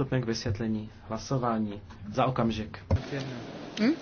Vstupem k vysvětlení hlasování za okamžik. Hm?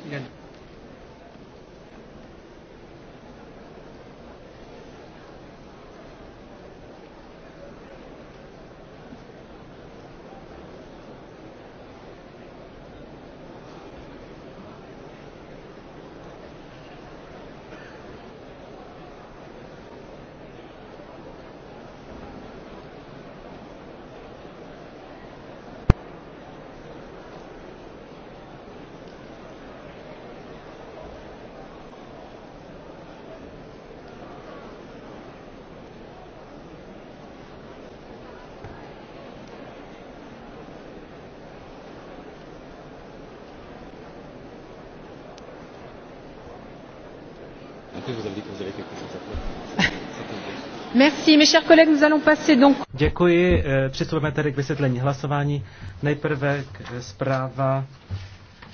Děkuji, eh, přistupujeme tedy k vysvětlení hlasování. Nejprve k eh, zpráva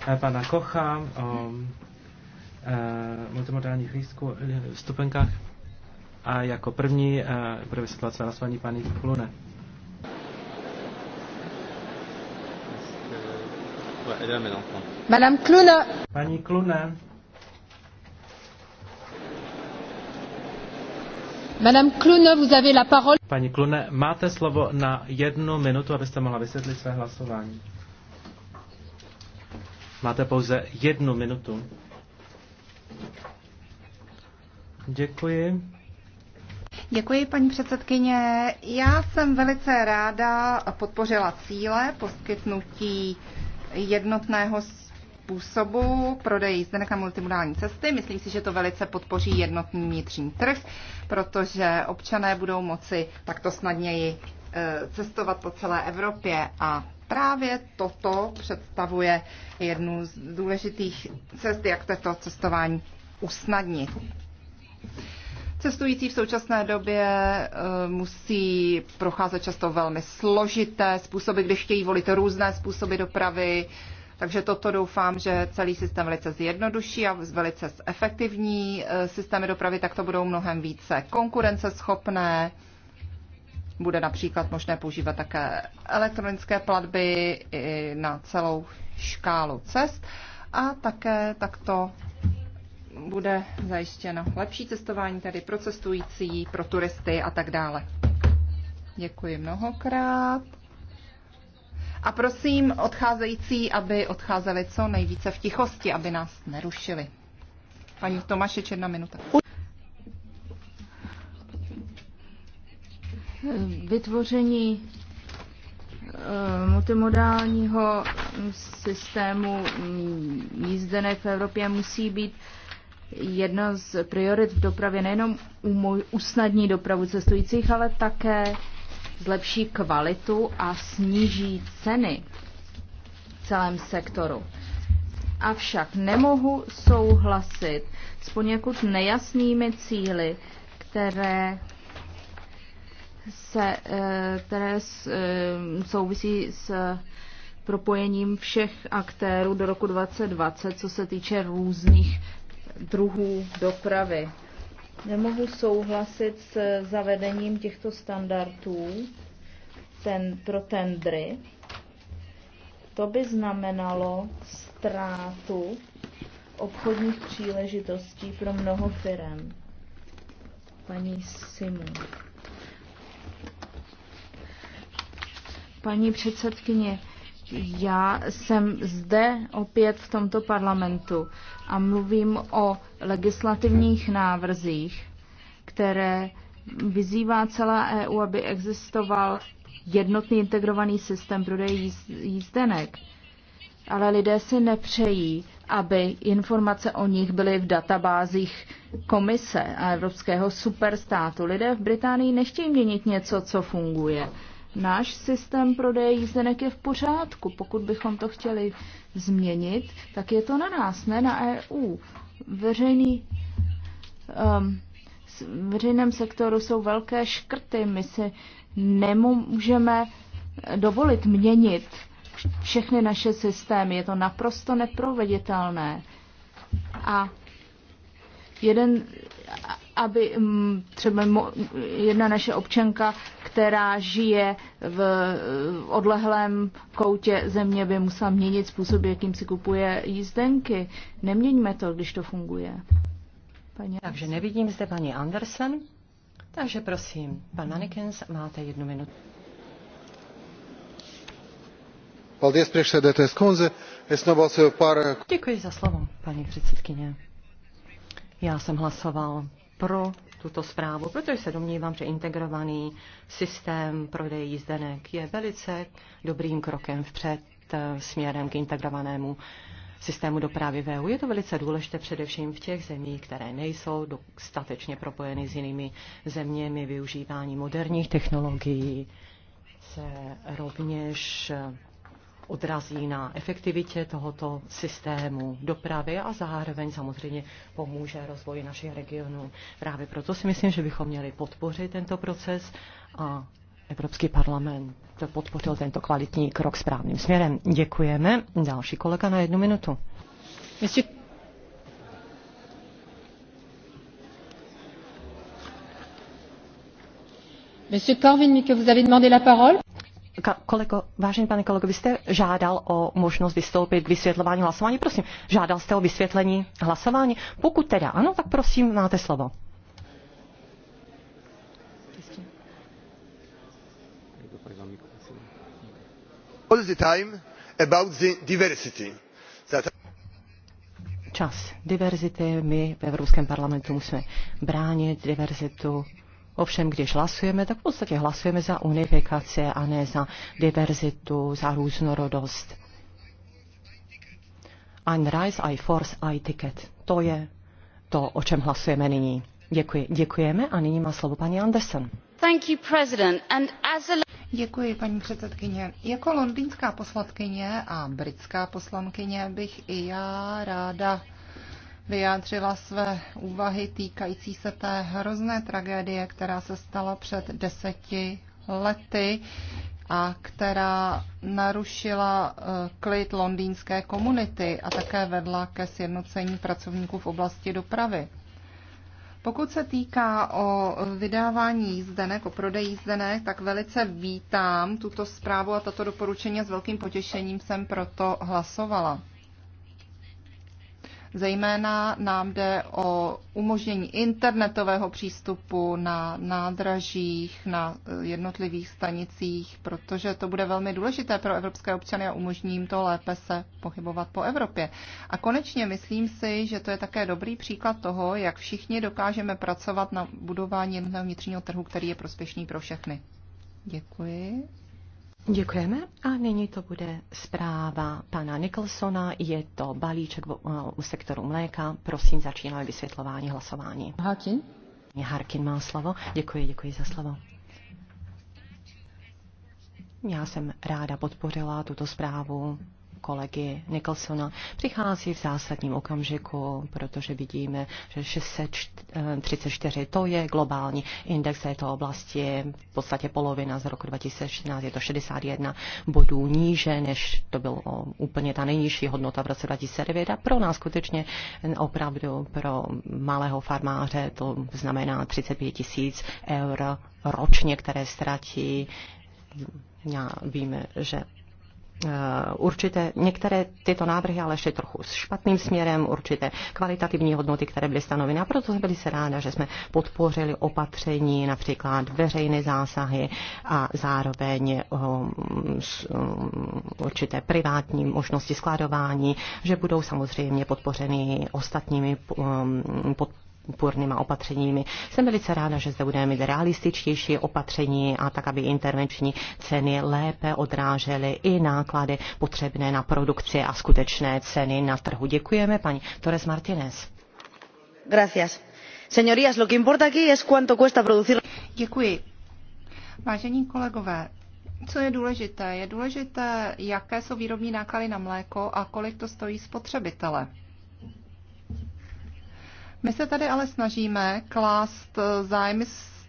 eh, pana Kocha o multimodálních v stupenkách. A jako první bude vysvětlovat své hlasování paní Klune. Madame Klune. Paní Klune. Madame Klune, vous avez la parole. Paní Klune, máte slovo na jednu minutu, abyste mohla vysvětlit své hlasování. Máte pouze jednu minutu. Děkuji. Děkuji, paní předsedkyně. Já jsem velice ráda podpořila cíle poskytnutí jednotného způsobu prodeje jízdenek na multimodální cesty. Myslím si, že to velice podpoří jednotný vnitřní trh, protože občané budou moci takto snadněji e, cestovat po celé Evropě a právě toto představuje jednu z důležitých cest, jak toto cestování usnadnit. Cestující v současné době e, musí procházet často velmi složité způsoby, když chtějí volit různé způsoby dopravy, takže toto doufám, že celý systém velice zjednoduší a velice efektivní e, systémy dopravy, tak to budou mnohem více konkurenceschopné. Bude například možné používat také elektronické platby na celou škálu cest a také takto bude zajištěno lepší cestování tedy pro cestující, pro turisty a tak dále. Děkuji mnohokrát. A prosím odcházející, aby odcházeli co nejvíce v tichosti, aby nás nerušili. Paní Tomáše, jedna minuta. Vytvoření eh, multimodálního systému jízdené v Evropě musí být jedna z priorit v dopravě nejenom usnadní dopravu cestujících, ale také zlepší kvalitu a sníží ceny v celém sektoru. Avšak nemohu souhlasit s poněkud nejasnými cíly, které se, eh, které eh, souvisí s propojením všech aktérů do roku 2020, co se týče různých druhů dopravy. Nemohu souhlasit s zavedením těchto standardů ten, pro tendry. To by znamenalo ztrátu obchodních příležitostí pro mnoho firm. Paní Simu. Paní předsedkyně, já jsem zde opět v tomto parlamentu a mluvím o legislativních návrzích, které vyzývá celá EU, aby existoval jednotný integrovaný systém prodeje jízdenek. Ale lidé si nepřejí, aby informace o nich byly v databázích komise a evropského superstátu. Lidé v Británii nechtějí měnit něco, co funguje. Náš systém prodeje jízdenek je v pořádku. Pokud bychom to chtěli změnit, tak je to na nás, ne na EU veřejný, um, v veřejném sektoru jsou velké škrty. My si nemůžeme dovolit měnit všechny naše systémy. Je to naprosto neproveditelné. A jeden aby mm, třeba jedna naše občanka, která žije v odlehlém koutě země, by musela měnit způsob, jakým si kupuje jízdenky. Neměňme to, když to funguje. Paní takže Anderson. nevidím zde paní Andersen. Takže prosím, pan Manikens, máte jednu minutu. Děkuji za slovo, paní předsedkyně. Já jsem hlasoval pro tuto zprávu, protože se domnívám, že integrovaný systém prodeje jízdenek je velice dobrým krokem vpřed eh, směrem k integrovanému systému dopravy VU. E je to velice důležité především v těch zemích, které nejsou dostatečně propojeny s jinými zeměmi. Využívání moderních technologií se rovněž eh, odrazí na efektivitě tohoto systému dopravy a zároveň samozřejmě pomůže rozvoji našich regionů. Právě proto si myslím, že bychom měli podpořit tento proces a Evropský parlament podpořil tento kvalitní krok správným směrem. Děkujeme. Další kolega na jednu minutu. Monsieur Corvin, que vous avez demandé la parole kolego, vážený pane kolego, vy jste žádal o možnost vystoupit k vysvětlování hlasování. Prosím, žádal jste o vysvětlení hlasování. Pokud teda ano, tak prosím, máte slovo. All the time about the diversity. That... Čas diverzity. My v Evropském parlamentu musíme bránit diverzitu Ovšem, když hlasujeme, tak v podstatě hlasujeme za unifikaci a ne za diverzitu, za různorodost. Ein Rise, I Force, I Ticket. To je to, o čem hlasujeme nyní. Děkuji. Děkujeme a nyní má slovo paní Anderson. Thank you, President. And as a... Děkuji, paní předsedkyně. Jako londýnská poslankyně a britská poslankyně bych i já ráda vyjádřila své úvahy týkající se té hrozné tragédie, která se stala před deseti lety a která narušila eh, klid londýnské komunity a také vedla ke sjednocení pracovníků v oblasti dopravy. Pokud se týká o vydávání jízdenek, o prodej jízdenek, tak velice vítám tuto zprávu a tato doporučení s velkým potěšením jsem proto hlasovala. Zejména nám jde o umožnění internetového přístupu na nádražích, na eh, jednotlivých stanicích, protože to bude velmi důležité pro evropské občany a umožní jim to lépe se pohybovat po Evropě. A konečně myslím si, že to je také dobrý příklad toho, jak všichni dokážeme pracovat na budování jednotného vnitřního trhu, který je prospěšný pro všechny. Děkuji. Děkujeme a nyní to bude zpráva pana Nicholsona. Je to balíček eh, u sektoru mléka. Prosím, začínáme vysvětlování hlasování. Harkin? Harkin má slovo. Děkuji, děkuji za slovo. Já jsem ráda podpořila tuto zprávu kolegy Nicholsona přichází v zásadním okamžiku, protože vidíme, že 634 eh, to je globální index této oblasti, v podstatě polovina z roku 2016 je to 61 bodů níže, než to bylo úplně ta nejnižší hodnota v roce 2009 a pro nás skutečně eh, opravdu pro malého farmáře to znamená 35 tisíc eur ročně, které ztratí já víme, že Eh, určité, některé tyto návrhy, ale ještě trochu s špatným směrem, určité kvalitativní hodnoty, které byly stanoveny. A proto jsme byli se ráda, že jsme podpořili opatření, například veřejné zásahy a zároveň eh, eh, určité privátní možnosti skladování, že budou samozřejmě podpořeny ostatními pod, úpornýma opatřeními. Jsem velice ráda, že zde budeme mít realističtější opatření a tak, aby intervenční ceny lépe odrážely i náklady potřebné na produkci a skutečné ceny na trhu. Děkujeme, paní Torres Martinez. Gracias. Señorías, lo que importa aquí es cuánto cuesta producir. Děkuji. Vážení kolegové, co je důležité? Je důležité, jaké jsou výrobní náklady na mléko a kolik to stojí spotřebitele. My se tady ale snažíme klást eh, zájmy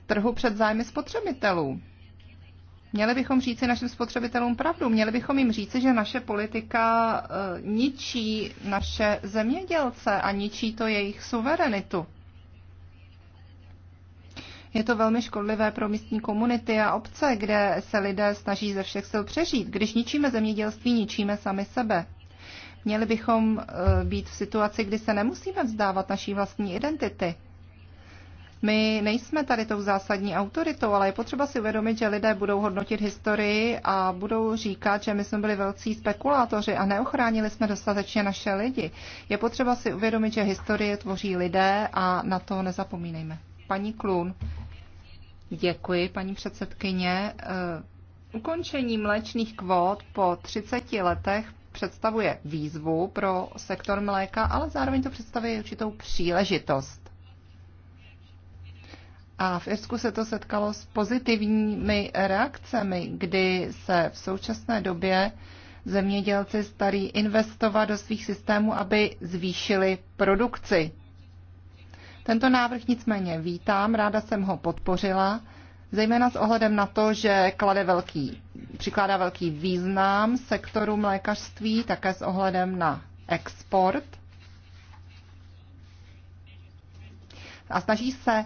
trhu před zájmy spotřebitelů. Měli bychom říci našim spotřebitelům pravdu, měli bychom jim říci, že naše politika eh, ničí naše zemědělce a ničí to jejich suverenitu. Je to velmi škodlivé pro místní komunity a obce, kde se lidé snaží ze všech sil přežít. Když ničíme zemědělství, ničíme sami sebe. Měli bychom eh, být v situaci, kdy se nemusíme vzdávat naší vlastní identity. My nejsme tady tou zásadní autoritou, ale je potřeba si uvědomit, že lidé budou hodnotit historii a budou říkat, že my jsme byli velcí spekulátoři a neochránili jsme dostatečně naše lidi. Je potřeba si uvědomit, že historie tvoří lidé a na to nezapomínejme. Paní Klun. Děkuji, paní předsedkyně. Eh, ukončení mléčných kvót po 30 letech představuje výzvu pro sektor mléka, ale zároveň to představuje určitou příležitost. A v Irsku se to setkalo s pozitivními reakcemi, kdy se v současné době zemědělci starí investovat do svých systémů, aby zvýšili produkci. Tento návrh nicméně vítám, ráda jsem ho podpořila zejména s ohledem na to, že klade velký, přikládá velký význam sektoru mlékařství, také s ohledem na export. A snaží se eh,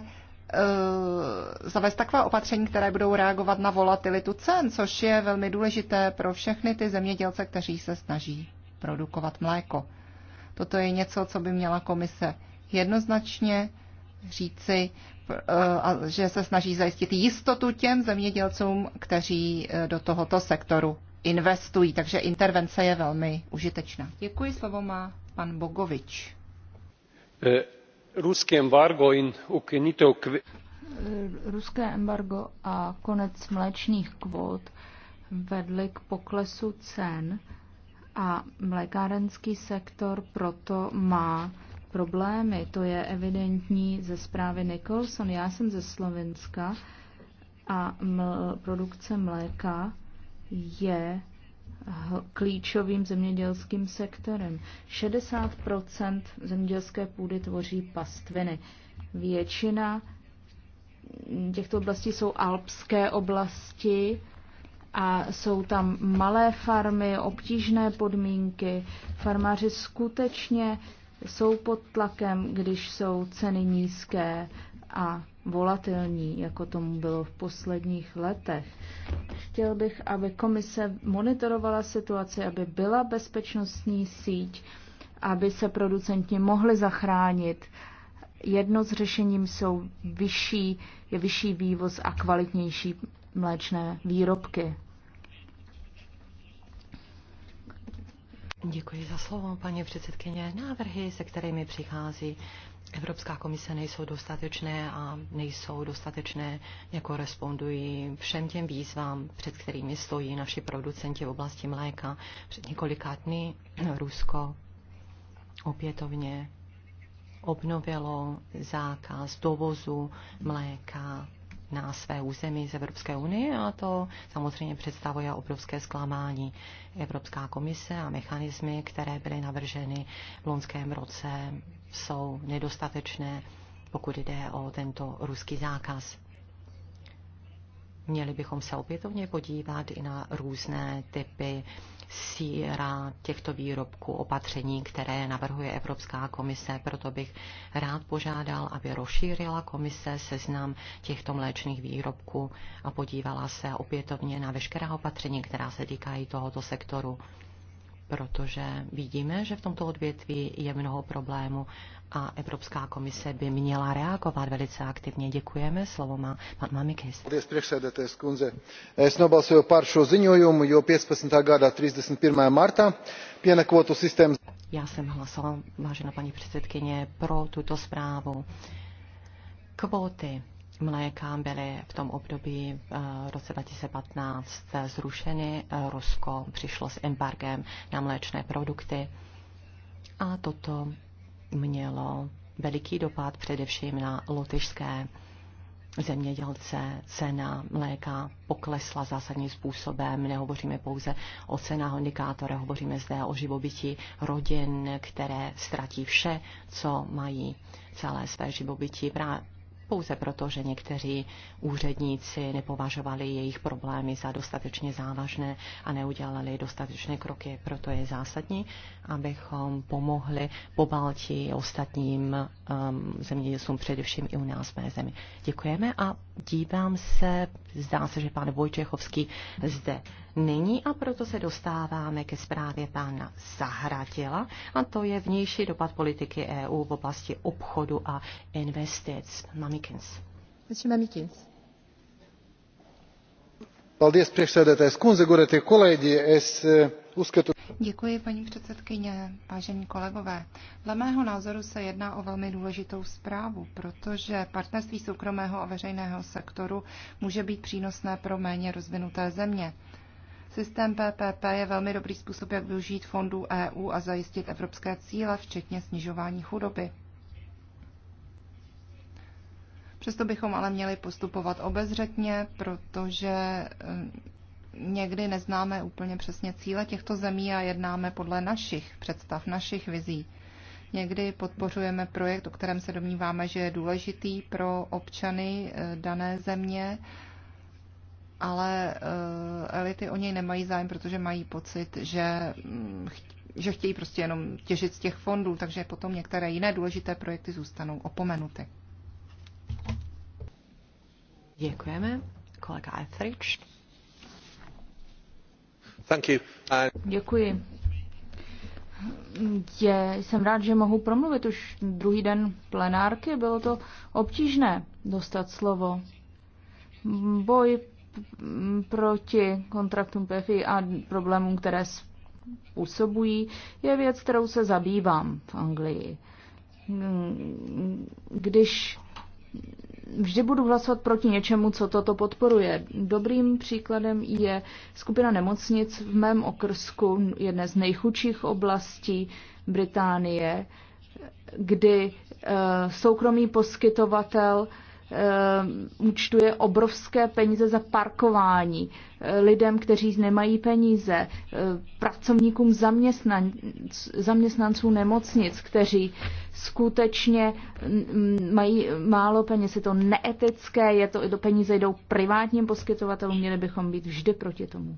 zavést taková opatření, které budou reagovat na volatilitu cen, což je velmi důležité pro všechny ty zemědělce, kteří se snaží produkovat mléko. Toto je něco, co by měla komise jednoznačně říci, eh, že se snaží zajistit jistotu těm zemědělcům, kteří eh, do tohoto sektoru investují. Takže intervence je velmi užitečná. Děkuji, slovo má pan Bogovič. Eh, ruské embargo in ukinitou Ruské embargo a konec mléčných kvót vedly k poklesu cen a mlékárenský sektor proto má problémy, to je evidentní ze zprávy Nicholson. Já jsem ze Slovenska a ml, produkce mléka je klíčovým zemědělským sektorem. 60 zemědělské půdy tvoří pastviny. Většina těchto oblastí jsou alpské oblasti a jsou tam malé farmy, obtížné podmínky. Farmáři skutečně jsou pod tlakem, když jsou ceny nízké a volatilní, jako tomu bylo v posledních letech. Chtěl bych, aby komise monitorovala situaci, aby byla bezpečnostní síť, aby se producenti mohli zachránit. Jedno z řešení jsou vyšší, je vyšší vývoz a kvalitnější mléčné výrobky. Děkuji za slovo, paní předsedkyně. Návrhy, se kterými přichází Evropská komise, nejsou dostatečné a nejsou dostatečné, jako respondují všem těm výzvám, před kterými stojí naši producenti v oblasti mléka. Před několika dny Rusko opětovně obnovilo zákaz dovozu mléka na své území z Evropské unie a to samozřejmě představuje obrovské zklamání. Evropská komise a mechanismy, které byly navrženy v loňském roce, jsou nedostatečné, pokud jde o tento ruský zákaz. Měli bychom se opětovně podívat i na různé typy uh, síra těchto výrobků, opatření, které navrhuje Evropská komise. Proto bych rád požádal, aby rozšířila komise seznam těchto mléčných výrobků a podívala se opětovně na veškerá opatření, která se týkají tohoto sektoru protože vidíme, že v tomto odvětví je mnoho problémů a Evropská komise by měla reagovat velice aktivně. Děkujeme. Slovo má pan Mamikis. jo 31. systém. Já jsem hlasoval, vážená paní předsedkyně, pro tuto zprávu. Kvóty mléka byly v tom období eh, v roce 2015 eh, zrušeny. Eh, Rusko přišlo s embargem na mléčné produkty a toto mělo veliký dopad především na lotyšské zemědělce. Cena mléka poklesla zásadním způsobem. Nehovoříme pouze o cenách indikátorech hovoříme zde o živobytí rodin, které ztratí vše, co mají celé své živobytí. Právě pouze proto, že někteří úředníci nepovažovali jejich problémy za dostatečně závažné a neudělali dostatečné kroky. Proto je zásadní, abychom pomohli po Balti, ostatním um, zemědělcům, především i u nás v mé zemi. Děkujeme a dívám se, zdá se, že pan Vojčechovský zde není a proto se dostáváme ke zprávě pána Zahradila a to je vnější dopad politiky EU v oblasti obchodu a investic. Mamikins. Mamikins. Eh, Děkuji, paní předsedkyně, kolegové. Dle mého názoru se jedná o velmi důležitou zprávu, protože partnerství soukromého a veřejného sektoru může být přínosné pro méně rozvinuté země. Systém PPP je velmi dobrý způsob, jak využít fondů EU a zajistit evropské cíle, včetně snižování chudoby. Přesto bychom ale měli postupovat obezřetně, protože eh, někdy neznáme úplně přesně cíle těchto zemí a jednáme podle našich představ, našich vizí. Někdy podpořujeme projekt, o kterém se domníváme, že je důležitý pro občany eh, dané země, ale eh, elity o něj nemají zájem, protože mají pocit, že, mm, že chtějí prostě jenom těžit z těch fondů, takže potom některé jiné důležité projekty zůstanou opomenuty. Děkujeme. Kolega Etheridge. Thank you. Děkuji. Je, jsem rád, že mohu promluvit už druhý den plenárky. Bylo to obtížné dostat slovo. Boj proti kontraktům PFI a problémům, které způsobují, je věc, kterou se zabývám v Anglii. Když vždy budu hlasovat proti něčemu, co toto podporuje. Dobrým příkladem je skupina nemocnic v mém okrsku, jedné z nejchudších oblastí Británie, kdy eh, soukromý poskytovatel Eh, účtuje obrovské peníze za parkování eh, lidem, kteří nemají peníze, eh, pracovníkům zaměstnan, zaměstnanců nemocnic, kteří skutečně mají málo peněz. Je to neetické, je to, do peníze jdou privátním poskytovatelům, měli bychom být vždy proti tomu.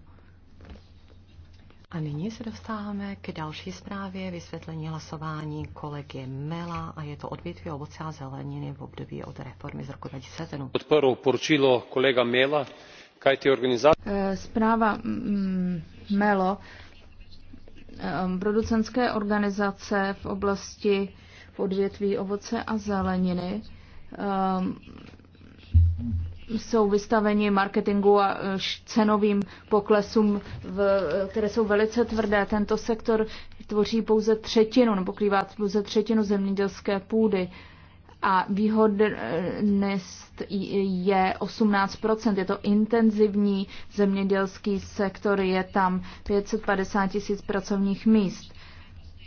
A nyní se dostáváme k další zprávě vysvětlení hlasování kolegy Mela a je to odvětví ovoce a zeleniny v období od reformy z roku 2007. Podporu poručilo kolega Mela, kajti organizace... Eh, zpráva mm, mm, Melo, eh, producentské organizace v oblasti v odvětví ovoce a zeleniny eh, jsou vystaveni marketingu a e, cenovým poklesům, v, e, které jsou velice tvrdé. Tento sektor tvoří pouze třetinu, nebo krývá pouze třetinu zemědělské půdy a výhodnost je 18%. Je to intenzivní zemědělský sektor, je tam 550 tisíc pracovních míst.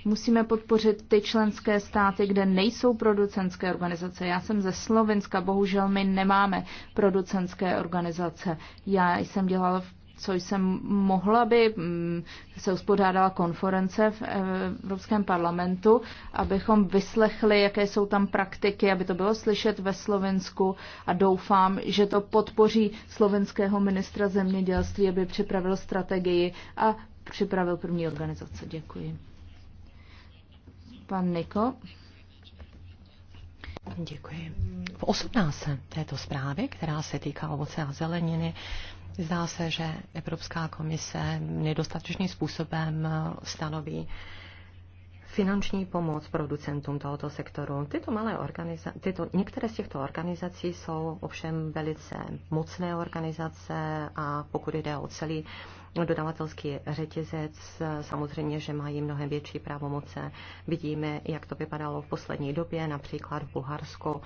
Musíme podpořit ty členské státy, kde nejsou producenské organizace. Já jsem ze Slovenska, bohužel my nemáme producenské organizace. Já jsem dělala, co jsem mohla by, mm, se uspořádala konference eh, v Evropském parlamentu, abychom vyslechli, jaké jsou tam praktiky, aby to bylo slyšet ve Slovensku a doufám, že to podpoří slovenského ministra zemědělství, aby připravil strategii a připravil první organizace. Děkuji. Pan Niko. Děkuji. V 18. této zprávě, která se týká ovoce a zeleniny, zdá se, že Evropská komise nedostatečným způsobem stanoví finanční pomoc producentům tohoto sektoru. Tyto malé organizace, tyto, některé z těchto organizací jsou ovšem velice mocné organizace a pokud jde o celý dodavatelský řetězec, samozřejmě, že mají mnohem větší právomoce. Vidíme, jak to vypadalo v poslední době, například v Bulharsku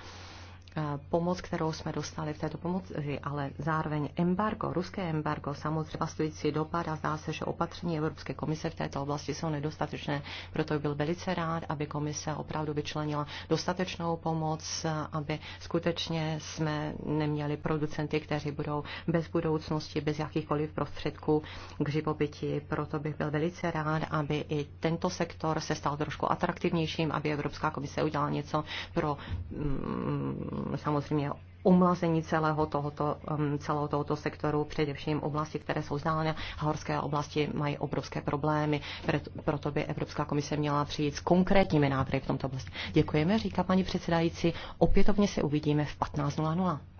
Eh, pomoc, kterou jsme dostali v této pomoci, ale zároveň embargo, ruské embargo, samozřejmě devastující dopad a zdá se, že opatření Evropské komise v této oblasti jsou nedostatečné. Proto byl velice rád, aby komise opravdu vyčlenila dostatečnou pomoc, aby skutečně jsme neměli producenty, kteří budou bez budoucnosti, bez jakýchkoliv prostředků k živobytí. Proto bych byl velice rád, aby i tento sektor se stal trošku atraktivnějším, aby Evropská komise udělala něco pro mm, samozřejmě umlazení celého tohoto, celého tohoto sektoru, především oblasti, které jsou známé. Horské oblasti mají obrovské problémy, proto by Evropská komise měla přijít s konkrétními návrhy v tomto oblasti. Děkujeme, říká paní předsedající. Opětovně se uvidíme v 15.00.